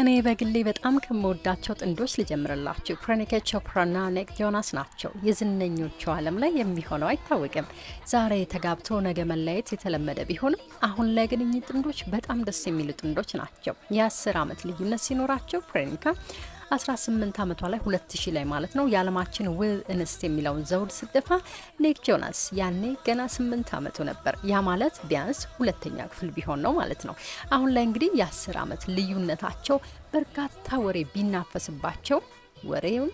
እኔ በግሌ በጣም ከምወዳቸው ጥንዶች ልጀምርላችሁ። ፕሬኒኬት ቾፕራና ኒክ ጆናስ ናቸው። የዝነኞቹ ዓለም ላይ የሚሆነው አይታወቅም። ዛሬ ተጋብቶ ነገ መለየት የተለመደ ቢሆንም አሁን ላይ ግን እኚህ ጥንዶች በጣም ደስ የሚሉ ጥንዶች ናቸው። የአስር ዓመት ልዩነት ሲኖራቸው ፕሬኒካ 18 ዓመቷ ላይ 2000 ላይ ማለት ነው የዓለማችን ውብ እንስት የሚለውን ዘውድ ስደፋ ኔክ ጆናስ ያኔ ገና 8 ዓመቱ ነበር። ያ ማለት ቢያንስ ሁለተኛ ክፍል ቢሆን ነው ማለት ነው። አሁን ላይ እንግዲህ የ10 ዓመት ልዩነታቸው በርካታ ወሬ ቢናፈስባቸው ወሬውን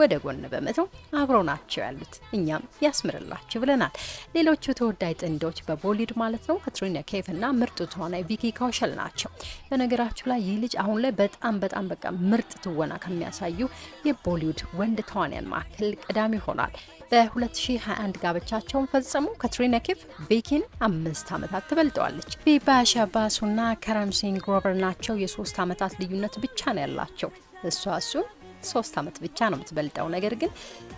ወደ ጎን በመተው አብረው ናቸው ያሉት። እኛም ያስምርላችሁ ብለናል። ሌሎቹ ተወዳጅ ጥንዶች በቦሊድ ማለት ነው ካትሪና ኬፍ እና ምርጡ ተዋናይ ቪኪ ካውሸል ናቸው። በነገራችሁ ላይ ይህ ልጅ አሁን ላይ በጣም በጣም በቃ ምርጥ ትወና ከሚያሳዩ የቦሊውድ ወንድ ተዋንያን መካከል ቀዳሚ ሆኗል። በ2021 ጋብቻቸውን ፈጸሙ። ካትሪና ኬፍ ቪኪን አምስት ዓመታት ትበልጠዋለች። ቢባ ሻባሱና ከረም ግሮቨር ናቸው። የሶስት ዓመታት ልዩነት ብቻ ነው ያላቸው እሷ እሱ ሶስት አመት ብቻ ነው የምትበልጠው። ነገር ግን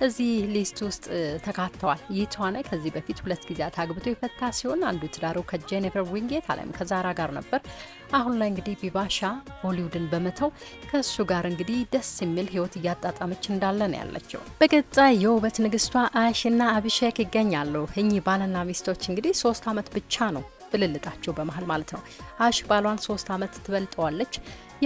እዚህ ሊስት ውስጥ ተካተዋል። ይህ ተዋናይ ከዚህ በፊት ሁለት ጊዜያት አግብቶ የፈታ ሲሆን አንዱ ትዳሩ ከጄኒፈር ዊንጌት አለም ከዛራ ጋር ነበር። አሁን ላይ እንግዲህ ቢባሻ ሆሊውድን በመተው ከእሱ ጋር እንግዲህ ደስ የሚል ህይወት እያጣጣመች እንዳለ ነው ያለችው። በቀጣይ የውበት ንግስቷ አያሽና አብሼክ ይገኛሉ። እኚህ ባልና ሚስቶች እንግዲህ ሶስት አመት ብቻ ነው ብልልጣቸው በመሀል ማለት ነው። አሽ ባሏን ሶስት አመት ትበልጠዋለች።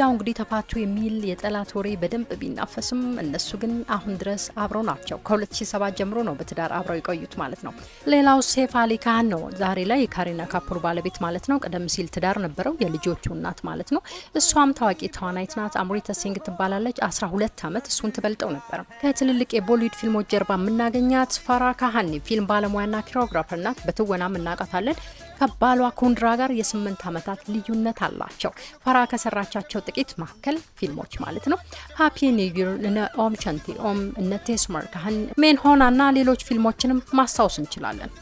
ያው እንግዲህ ተፋቱ የሚል የጠላት ወሬ በደንብ ቢናፈስም እነሱ ግን አሁን ድረስ አብረው ናቸው። ከ2007 ጀምሮ ነው በትዳር አብረው የቆዩት ማለት ነው። ሌላው ሴፍ አሊ ካህን ነው ዛሬ ላይ የካሪና ካፑር ባለቤት ማለት ነው። ቀደም ሲል ትዳር ነበረው የልጆቹ እናት ማለት ነው። እሷም ታዋቂ ተዋናይት ናት። አምሪታ ሲንግ ትባላለች። 12 ዓመት እሱን ትበልጠው ነበር። ከትልልቅ የቦሊውድ ፊልሞች ጀርባ የምናገኛት ፋራ ካህን ፊልም ባለሙያና ኪሮግራፈር ናት። በትወናም እናውቃታለን። ከባሏ ኩንድራ ጋር የስምንት ዓመታት ልዩነት አላቸው። ፋራ ከሰራቻቸው ጥቂት መካከል ፊልሞች ማለት ነው። ሀፒ ኒውር፣ እነ ኦም ቸንቲ ኦም፣ እነ ቴስመር ካህን፣ ሜንሆና እና ሌሎች ፊልሞችንም ማስታወስ እንችላለን።